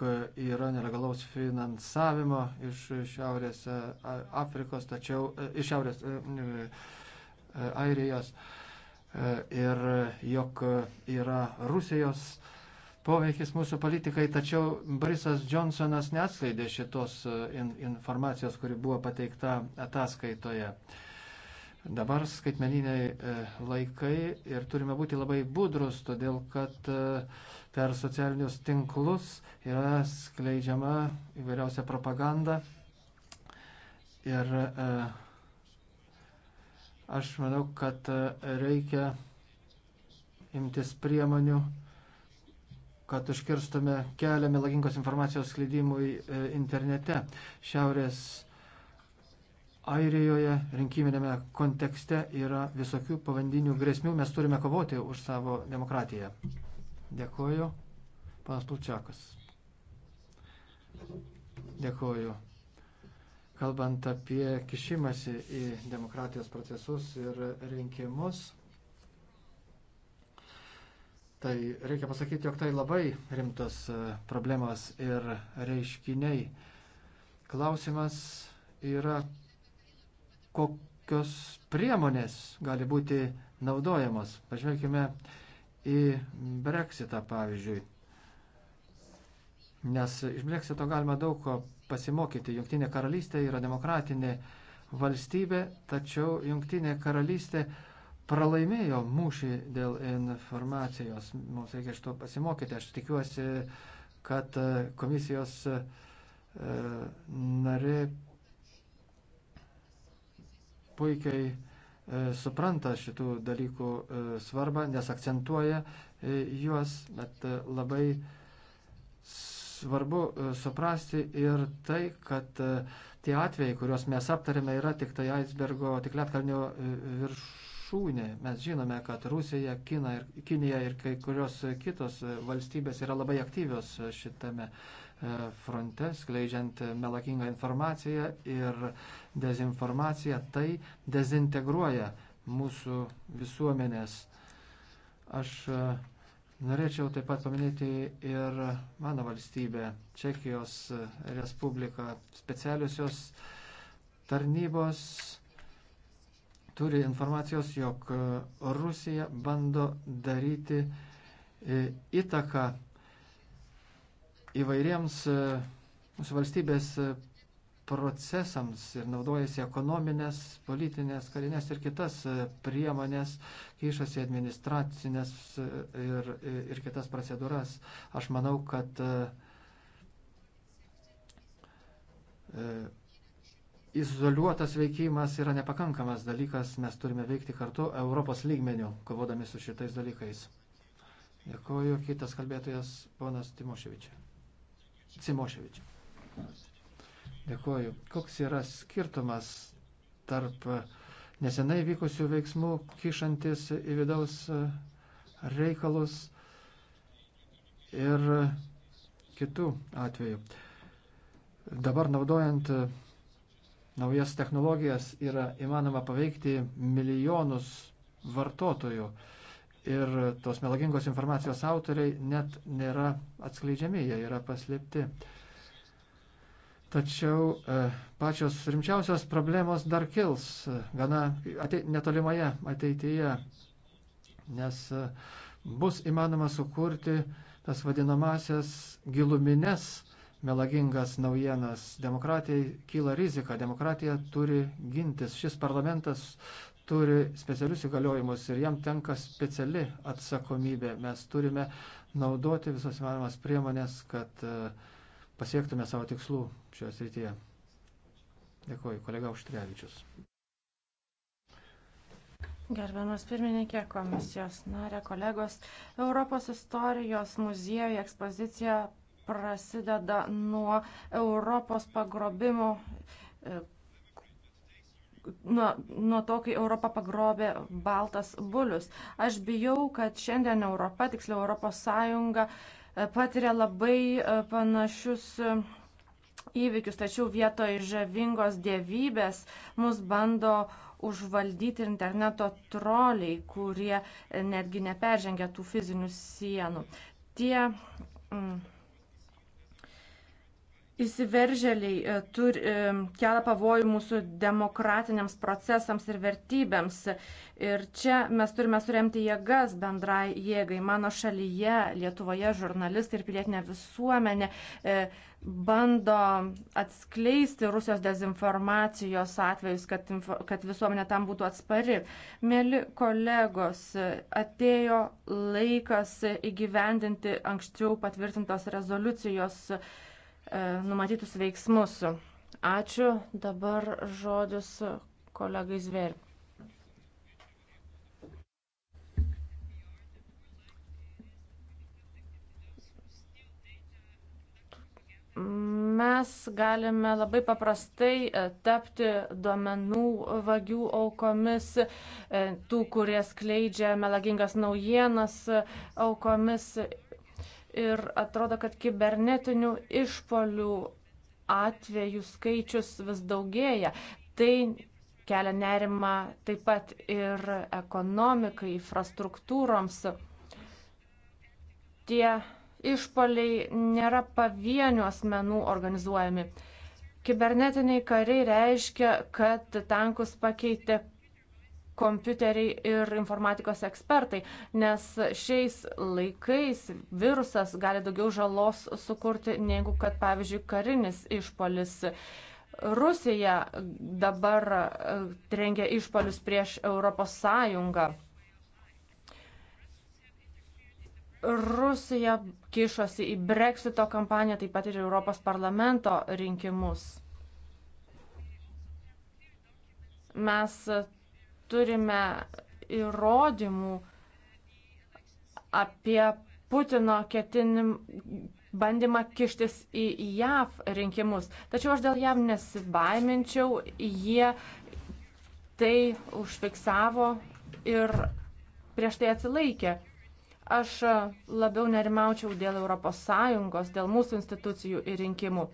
yra nelegalaus finansavimo iš Šiaurės e, Afrikos, tačiau e, iš Šiaurės Airijos. E, e, E, ir e, jog e, yra Rusijos poveikis mūsų politikai, tačiau Borisas Johnsonas neatskleidė šitos in informacijos, kuri buvo pateikta ataskaitoje. Dabar skaitmeniniai laikai ir turime būti labai budrus, todėl kad per socialinius tinklus yra skleidžiama įvairiausia propaganda ir uh, Aš manau, kad e, reikia imtis priemonių, kad užkirstume kelią melagingos informacijos sklydimui e, internete. Šiaurės Airijoje rinkiminėme kontekste yra visokių pavandinių grėsmių. Mes turime kovoti už savo demokratiją. Dėkuoju. Panas Plučiakas. Dėkuoju kalbant apie kišimąsi į demokratijos procesus ir rinkimus, tai reikia pasakyti, jog tai labai rimtos e, problemos ir reiškiniai. Klausimas yra, kokios priemonės gali būti naudojamos. Pažvelkime į Brexitą, pavyzdžiui. Nes iš Brexito galima daug ko pasimokyti. Junktinė karalystė yra demokratinė valstybė, tačiau Junktinė karalystė pralaimėjo mūšį dėl informacijos. Mums reikia iš to pasimokyti. Aš tikiuosi, kad e, komisijos e, nari puikiai e, supranta šitų dalykų svarbą, nes akcentuoja juos, bet labai svarbu e, suprasti ir tai, kad e, tie atvejai, kuriuos mes aptarėme, yra tik tai aisbergo, tik lietkalnio e, viršūnė. Mes žinome, kad Rusija, Kina ir, Kinija ir kai kurios kitos valstybės yra labai aktyvios šitame fronte, skleidžiant melagingą informaciją ir dezinformaciją. Tai dezintegruoja mūsų visuomenės. Aš uh, Norėčiau taip pat paminėti ir mano valstybę, Čekijos Respubliką. Specialiosios tarnybos turi informacijos, jog Rusija bando daryti e, įtaką įvairiems e, mūsų valstybės e, procesams ir naudojasi ekonominės, politinės, karinės ir kitas e, priemonės, kišasi administracinės e, ir, e, ir kitas procedūras. Aš manau, kad izoliuotas veikimas yra nepakankamas dalykas, mes turime veikti kartu Europos lygmenių, kovodami su šitais dalykais. Dėkuoju, kitas kalbėtojas ponas Timoševičiai. Cimoševičiai. Dėkuoju. Koks yra skirtumas tarp nesenai vykusių veiksmų, kišantis į vidaus reikalus ir kitų atvejų? Dabar naudojant naujas technologijas yra įmanoma paveikti milijonus vartotojų ir tos melagingos informacijos autoriai net nėra atskleidžiami, jie yra paslėpti. Tačiau e, pačios rimčiausios problemos dar kils e, gana atei, netolimoje ateityje, nes e, bus įmanoma sukurti tas vadinamasias gilumines melagingas naujienas. Demokratijai kyla rizika, demokratija turi gintis. Šis parlamentas turi specialius įgaliojimus ir jam tenka speciali atsakomybė. Mes turime naudoti visas įmanomas priemonės, kad uh, pasiektume savo tikslų šioje srityje. Dėkuoju, kolega Užtrevičius. Gerbiamas pirmininkė, komisijos narė, kolegos, Europos istorijos muziejų ekspozicija prasideda nuo Europos pagrobimo, e, nuo, nuo to, kai Europą pagrobė baltas bulius. Aš bijau, kad šiandien Europa, tiksliau Europos Sąjunga, patiria labai e, panašius e, įvykius, tačiau vietoj žavingos dievybės mus bando užvaldyti interneto troliai, kurie netgi neperžengia tų fizinių sienų. Tie mm, įsiveržėliai e, turi, e, kelia pavojų mūsų demokratiniams procesams ir vertybėms. Ir čia mes turime suremti jėgas bendrai jėgai. Mano šalyje, Lietuvoje žurnalistai ir pilietinė visuomenė e, bando atskleisti Rusijos dezinformacijos atvejus, kad, kad visuomenė tam būtų atspari. Mėly kolegos, atėjo laikas įgyvendinti anksčiau patvirtintos rezoliucijos E, numatytus veiksmus. Ačiū. Dabar žodis kolegai Zver. Mes galime labai paprastai e, tapti duomenų vagių aukomis, e, tų, kurie skleidžia melagingas naujienas aukomis ir atrodo, kad kibernetinių išpolių atvejų skaičius vis daugėja. Tai kelia nerima taip pat ir ekonomikai, infrastruktūroms. Tie išpoliai nėra pavienių asmenų organizuojami. Kibernetiniai kariai reiškia, kad tankus pakeitė kompiuteriai ir informatikos ekspertai, nes šiais laikais virusas gali daugiau žalos sukurti, negu kad, pavyzdžiui, karinis išpolis. Rusija dabar e, rengia išpolius prieš Europos Sąjungą. Rusija kišosi į Brexito kampaniją, taip pat ir Europos parlamento rinkimus. Mes turime įrodymų apie Putino ketinim bandymą kištis į JAV rinkimus. Tačiau aš dėl JAV nesibaiminčiau, jie tai užfiksavo ir prieš tai atsilaikė. Aš labiau nerimaučiau dėl ES, dėl mūsų institucijų ir rinkimų.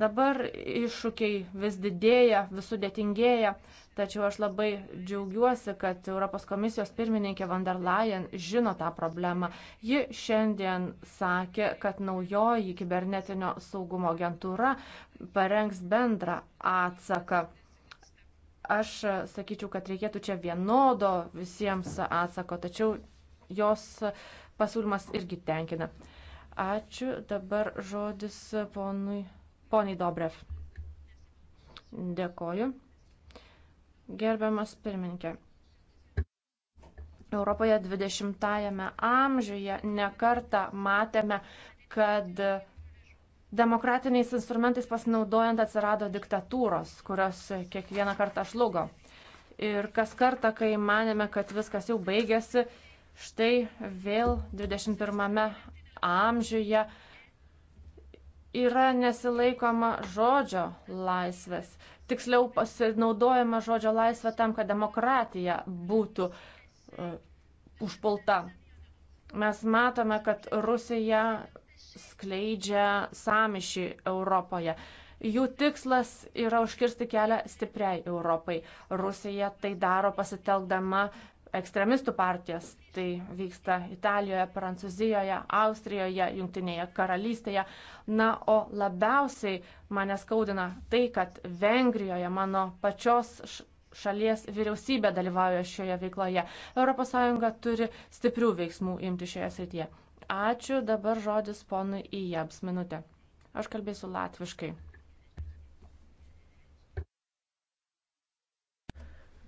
Dabar iššūkiai vis didėja, vis sudėtingėja, tačiau aš labai džiaugiuosi, kad Europos komisijos pirmininkė van der Leyen žino tą problemą. Ji šiandien sakė, kad naujoji kibernetinio saugumo agentūra parengs bendrą atsaką. Aš sakyčiau, kad reikėtų čia vienodo visiems atsako, tačiau jos pasiūlymas irgi tenkina. Ačiū. Dabar žodis ponui Poniai Dobrev. Dėkoju. Gerbiamas pirmininkė. Europoje 20-ame amžiuje nekarta matėme, kad demokratiniais instrumentais pasinaudojant atsirado diktatūros, kurios kiekvieną kartą šlugo. Ir kas kartą, kai manėme, kad viskas jau baigėsi, štai vėl 21-ame amžiuje uh, yra nesilaikoma žodžio laisvės. Tiksliau pasinaudojama žodžio laisvė tam, kad demokratija būtų uh, užpulta. Mes matome, kad Rusija skleidžia samišį Europoje. Jų tikslas yra užkirsti kelią stipriai Europai. Rusija tai daro pasitelkdama ekstremistų partijas. Tai vyksta Italijoje, Prancūzijoje, Austrijoje, Junktinėje karalystėje. Na, o labiausiai mane skaudina tai, kad Vengrijoje mano pačios šalies vyriausybė dalyvauja šioje veikloje. ES turi stiprių veiksmų imti šioje srityje. Ačiū, dabar žodis ponui Ijabs minutė. Aš kalbėsiu latviškai.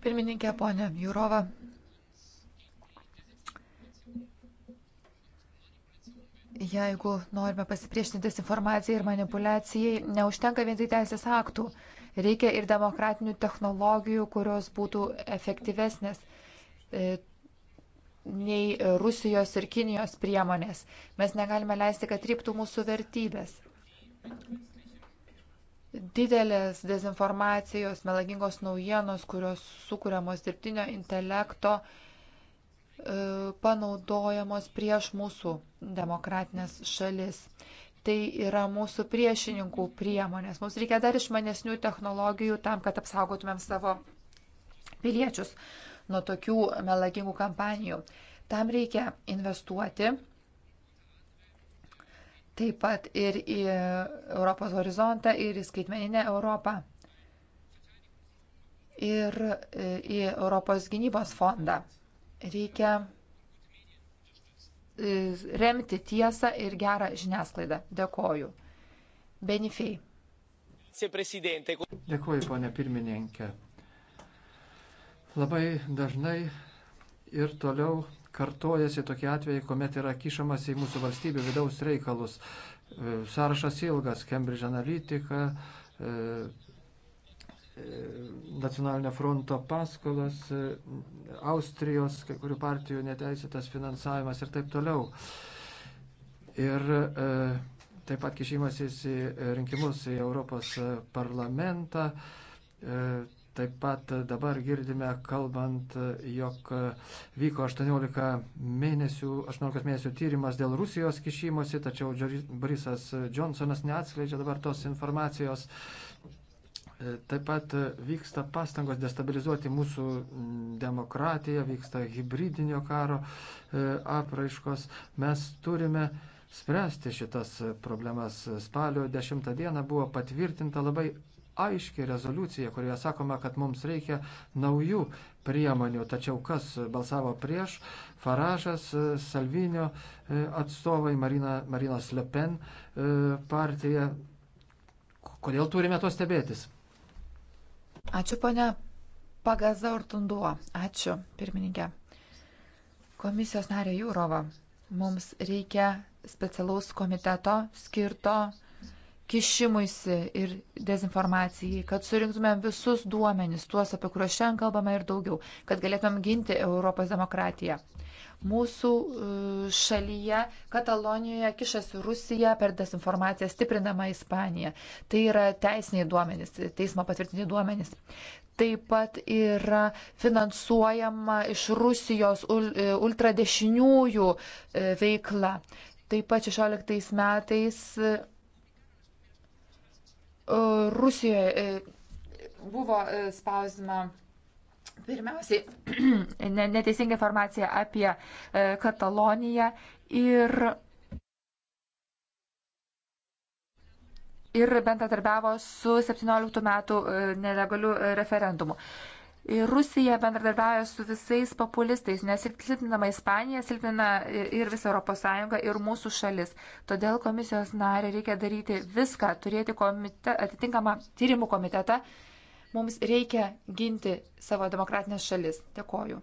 Pirmininkė ponė Jūrova, Jeigu norime pasipriešinti desinformacijai ir manipulacijai, neužtenka vien tai teisės aktų. Reikia ir demokratinių technologijų, kurios būtų efektyvesnės e, nei Rusijos ir Kinijos priemonės. Mes negalime leisti, kad ryptų mūsų vertybės. Didelės dezinformacijos, melagingos naujienos, kurios sukūriamos dirbtinio intelekto, uh, E, panaudojamos prieš mūsų demokratinės šalis. Tai yra mūsų priešininkų priemonės. Mums reikia dar išmanesnių technologijų tam, kad apsaugotumėm savo piliečius nuo tokių melagingų kampanijų. Tam reikia investuoti taip pat ir į Europos horizontą, ir į skaitmeninę Europą, ir e, į Europos gynybos fondą. Reikia e, remti tiesą ir gerą žiniasklaidą. Dėkoju. Benifei. Dėkuoju, ponė pirmininkė. Labai dažnai ir toliau kartojasi tokie atvejai, kuomet yra kišamas į mūsų valstybių vidaus reikalus. E, sąrašas ilgas - Cambridge Analytica, e, nacionalinio fronto paskolas, Austrijos, kai kurių partijų neteisėtas finansavimas ir taip toliau. Ir e, taip pat kišimasis į rinkimus į Europos parlamentą. E, taip pat dabar girdime, kalbant, jog vyko 18 mėnesių, 18 mėnesių tyrimas dėl Rusijos kišimosi, tačiau Borisas Johnsonas neatskleidžia dabar tos informacijos. Uh, Taip pat vyksta pastangos destabilizuoti mūsų demokratiją, vyksta hybridinio karo e, apraiškos. Mes turime spręsti šitas problemas. Spalio 10 dieną buvo patvirtinta labai aiški rezoliucija, kurioje sakoma, kad mums reikia naujų priemonių. Tačiau kas balsavo prieš? Faražas, e, Salvinio e, atstovai, Marina, Marinos Le Pen partija. Kodėl turime to stebėtis? Ačiū, ponia Pagaza Ortunduo. Ačiū, pirmininkė. Komisijos narė Jūrova. Mums reikia specialaus komiteto skirto kišimuisi ir dezinformacijai, kad surinktumėm visus duomenis, tuos, apie kuriuos šiandien kalbame ir daugiau, kad galėtumėm ginti Europos demokratiją. Mūsų e, šalyje, Katalonijoje, kišasi Rusija per dezinformaciją stiprinama Ispanija. Tai yra teisiniai duomenys, teismo patvirtiniai duomenys taip pat yra finansuojama iš Rusijos e, ultradešiniųjų e, veikla. Taip pat 16 metais E, Rusijoje e, buvo e, spausdama pirmiausiai neteisinga informacija apie Kataloniją ir ir bendradarbiavo su 17 metų nelegaliu referendumu. Rusija bendradarbiauja su visais populistais, nes silpninama Ispanija, silpnina ir visą ES, ir mūsų šalis. Todėl komisijos narė reikia daryti viską, turėti komite, atitinkamą tyrimų komitetą. Mums reikia ginti savo demokratinės šalis. Dėkoju.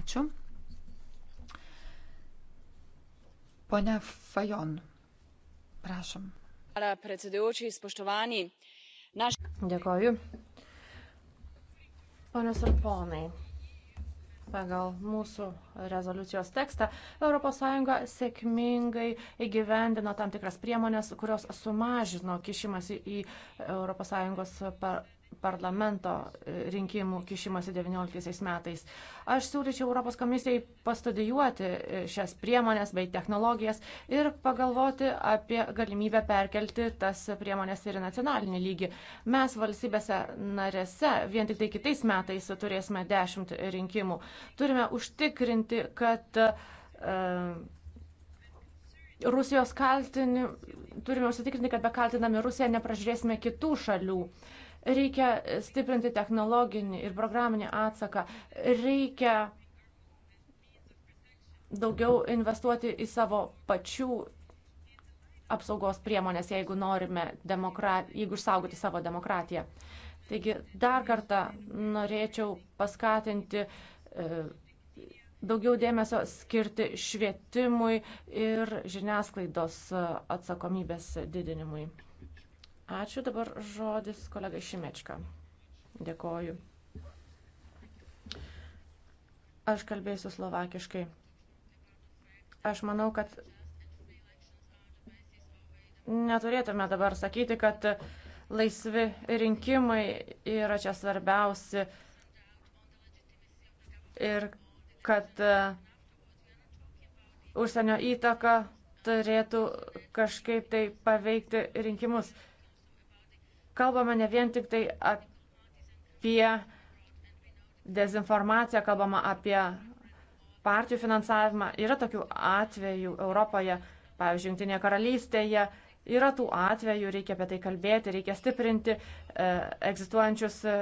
Ačiū. Pone Fajon, prašom. Hvala predsedujoči, spoštovani Naš... Dėkoju. Ponios ir ponai, pagal mūsų rezoliucijos tekstą, ES sėkmingai įgyvendino tam tikras priemonės, kurios sumažino kišimasi į ES parlamento e, rinkimų kišimasi 19 metais. Aš siūlyčiau Europos komisijai pastudijuoti e, šias priemonės bei technologijas ir pagalvoti apie galimybę perkelti tas priemonės ir į nacionalinį lygį. Mes valstybėse narėse vien tik tai kitais metais turėsime 10 rinkimų. Turime užtikrinti, kad uh, Rusijos kaltinių, turime užsitikrinti, kad be kaltinami Rusiją nepražiūrėsime kitų šalių. Uh, Reikia stiprinti technologinį ir programinį atsaką. Reikia daugiau investuoti į savo pačių apsaugos priemonės, jeigu norime, demokrat, jeigu išsaugoti savo demokratiją. Taigi dar kartą norėčiau paskatinti e, daugiau dėmesio skirti švietimui ir žiniasklaidos e, atsakomybės didinimui. Ačiū dabar žodis kolega Šimečka. Dėkoju. Aš kalbėsiu slovakiškai. Aš manau, kad neturėtume dabar sakyti, kad laisvi rinkimai yra čia svarbiausi ir kad e, užsienio įtaka turėtų kažkaip tai paveikti rinkimus. Kalbame ne vien tik tai apie dezinformaciją, kalbama apie partijų finansavimą. Yra tokių atvejų Europoje, pavyzdžiui, Junktinėje karalystėje. Yra tų atvejų, reikia apie tai kalbėti, reikia stiprinti e, egzistuojančius e,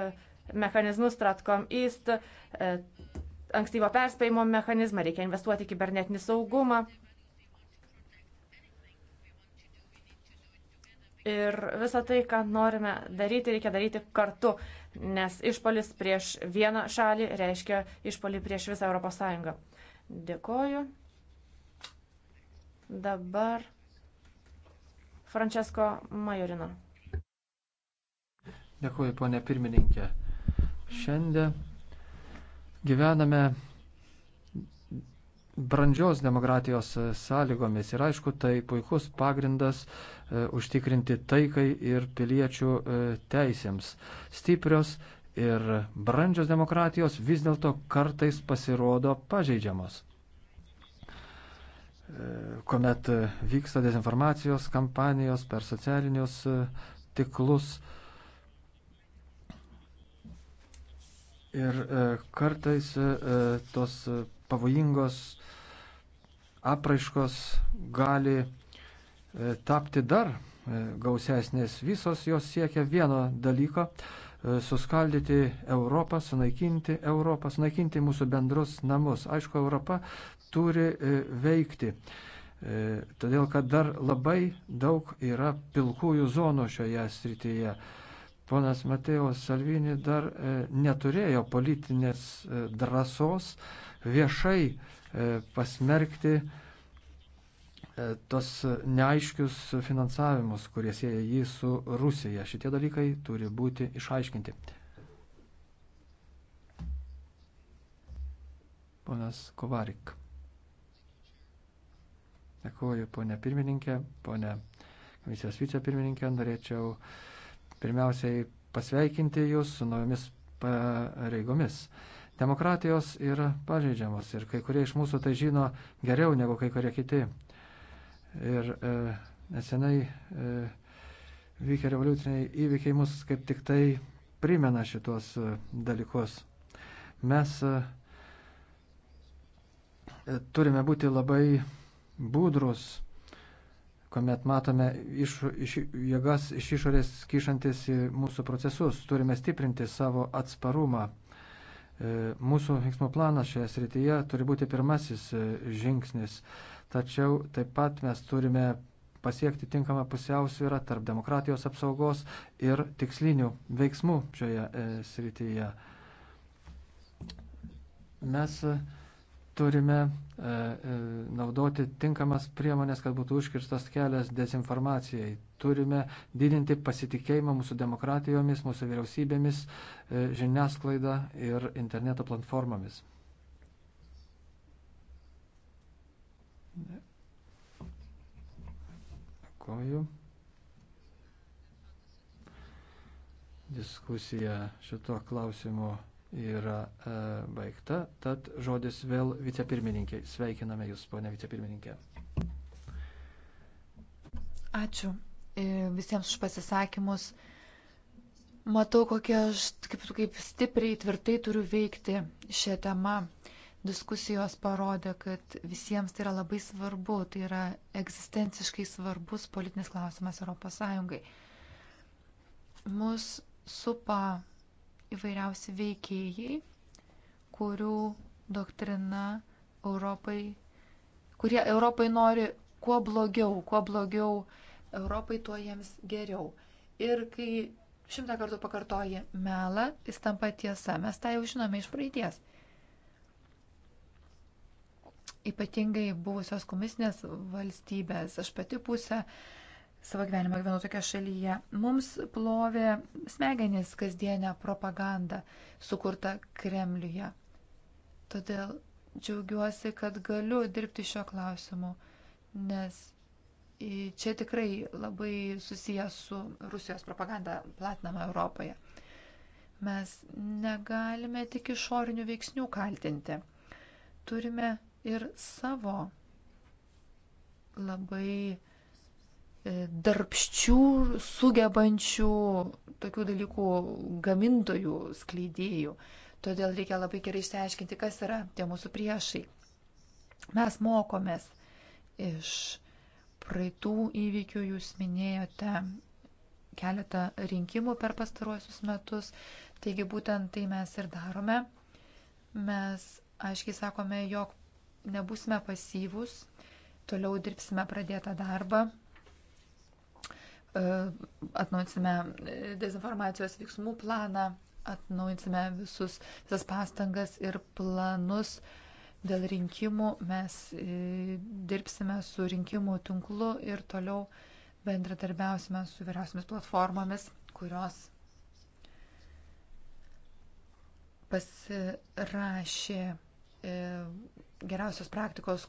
mechanizmus Stratcom East, e, ankstyvo perspėjimo mechanizmą, reikia investuoti kibernetinį saugumą. Ir visą tai, ką norime daryti, reikia daryti kartu, nes išpolis prieš vieną šalį reiškia išpolį prieš visą ES. Dėkoju. Dabar Francesco Majorino. Dėkuoju, ponė pirmininkė. Šiandien gyvename brandžios demokratijos sąlygomis. Ir aišku, tai puikus pagrindas e, užtikrinti taikai ir piliečių e, teisėms. Stiprios ir brandžios demokratijos vis dėlto kartais pasirodo pažeidžiamos. E, kuomet vyksta dezinformacijos kampanijos per socialinius e, tiklus. Ir e, kartais e, tos pavojingos apraiškos gali e, tapti dar e, gausesnės. Visos jos siekia vieno dalyko e, - suskaldyti Europą, sunaikinti Europą, sunaikinti mūsų bendrus namus. Aišku, Europa turi veikti. Todėl, kad dar labai daug yra pilkųjų zonų šioje srityje ponas Mateo Salvini dar e, neturėjo politinės e, drąsos viešai e, pasmerkti tos neaiškius finansavimus, kurie sieja jį su Rusija. Šitie dalykai turi būti išaiškinti. Ponas Kovarik. Dėkuoju, ponė pirmininkė, ponė komisijos vicepirmininkė, norėčiau uh, pirmiausiai pasveikinti jūs su naujomis pareigomis. Demokratijos yra pažeidžiamos ir kai kurie iš mūsų tai žino geriau negu kai kurie kiti. Ir e, nesenai e, vykę revoliuciniai įvykiai mus kaip tik tai primena šitos e, dalykus. Mes e, turime būti labai būdrus kuomet matome iš, iš, jėgas iš išorės kišantis į mūsų procesus. Turime stiprinti savo atsparumą. E, mūsų veiksmų planas šioje srityje turi būti pirmasis e, žingsnis, tačiau taip pat mes turime pasiekti tinkamą pusiausvyrą tarp demokratijos apsaugos ir tikslinių veiksmų šioje e, srityje. Mes turime e, e, naudoti tinkamas priemonės, kad būtų užkirstas kelias dezinformacijai. Turime didinti pasitikėjimą mūsų demokratijomis, mūsų vyriausybėmis, e, žiniasklaida ir interneto platformomis. Dėkoju. Diskusija šito klausimu yra e, baigta, tad žodis vėl vicepirmininkiai. Sveikiname Jūs, ponė vicepirmininkė. Ačiū e, visiems už pasisakymus. Matau, kokia aš kaip, kaip stipriai, tvirtai turiu veikti šią temą. Diskusijos parodė, kad visiems tai yra labai svarbu, tai yra egzistenciškai svarbus politinis klausimas ES. Mus supa įvairiausi veikėjai, kurių doktrina Europai, kurie Europai nori kuo blogiau, kuo blogiau Europai, tuo jiems geriau. Ir kai šimtą kartų pakartoji melą, jis tampa tiesa. Mes tą jau žinome iš praeities. Ypatingai buvusios komisinės valstybės, aš pati pusę savo gyvenimą gyvenu tokia šalyje. Mums plovė smegenis kasdienę propagandą sukurtą Kremliuje. Todėl džiaugiuosi, kad galiu dirbti šio klausimu, nes čia tikrai labai susijęs su Rusijos propaganda platinama Europoje. Mes negalime tik išorinių veiksnių kaltinti. Turime ir savo labai E, darbščių, sugebančių tokių dalykų gamintojų, skleidėjų. Todėl reikia labai gerai išsiaiškinti, kas yra tie mūsų priešai. Mes mokomės iš praeitų įvykių, jūs minėjote keletą rinkimų per pastaruosius metus, taigi būtent tai mes ir darome. Mes aiškiai sakome, jog nebusime pasyvus, toliau dirbsime pradėtą darbą, E, atnaujinsime dezinformacijos veiksmų planą, atnaujinsime visus, visas pastangas ir planus dėl rinkimų. Mes e, dirbsime su rinkimų tinklu ir toliau bendradarbiausime su vyriausiamis platformomis, kurios pasirašė e, geriausios praktikos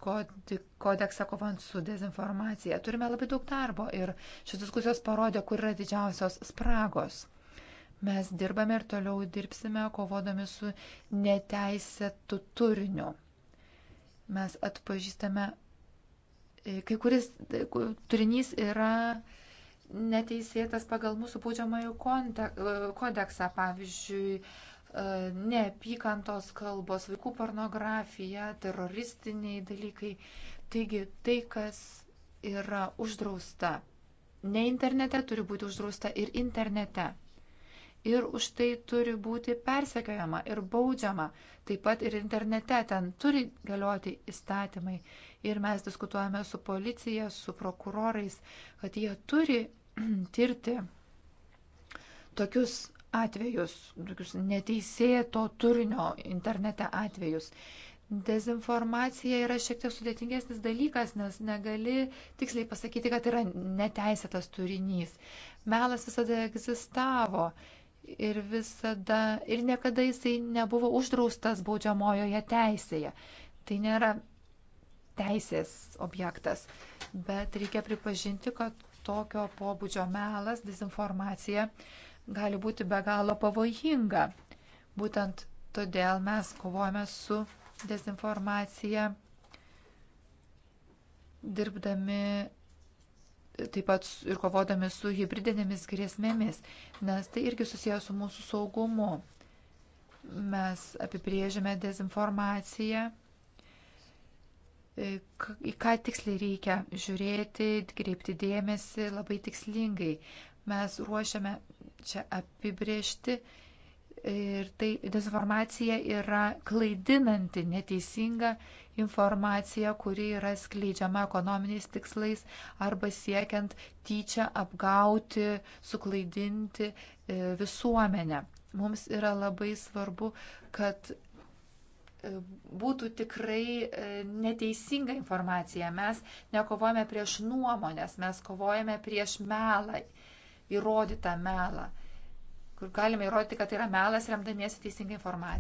kodeksą kovant su dezinformacija. Turime labai daug darbo ir šios diskusijos parodė, kur yra didžiausios spragos. Mes dirbame ir toliau dirbsime kovodami su neteisėtu turiniu. Mes atpažįstame, e, kai kuris e, turinys yra neteisėtas pagal mūsų būdžiamąjų e, kodeksą, pavyzdžiui, E, neapykantos kalbos, vaikų pornografija, teroristiniai dalykai. Taigi tai, kas yra uždrausta ne internete, turi būti uždrausta ir internete. Ir už tai turi būti persekiojama ir baudžiama. Taip pat ir internete ten turi galioti įstatymai. Ir mes diskutuojame su policija, su prokurorais, kad jie turi tirti tokius atvejus, tokius neteisėto turinio internete atvejus. Dezinformacija yra šiek tiek sudėtingesnis dalykas, nes negali tiksliai pasakyti, kad yra neteisėtas turinys. Melas visada egzistavo ir visada, ir niekada jisai nebuvo uždraustas baudžiamojoje teisėje. Tai nėra teisės objektas, bet reikia pripažinti, kad tokio pobūdžio melas, dezinformacija gali būti be galo pavojinga. Būtent todėl mes kovojame su dezinformacija, dirbdami taip pat ir kovodami su hybridinėmis grėsmėmis, nes tai irgi susijęs su mūsų saugumu. Mes apibrėžiame dezinformaciją, e, į ką tiksliai reikia žiūrėti, kreipti dėmesį labai tikslingai. Mes ruošiame čia apibriežti. Ir tai dezinformacija yra klaidinanti, neteisinga informacija, kuri yra skleidžiama ekonominiais tikslais arba siekiant tyčia apgauti, suklaidinti e, visuomenę. Mums yra labai svarbu, kad e, būtų tikrai e, neteisinga informacija. Mes nekovojame prieš nuomonės, mes kovojame prieš melą įrodytą melą, kur galime įrodyti, kad tai yra melas remdamiesi teisinga informacija.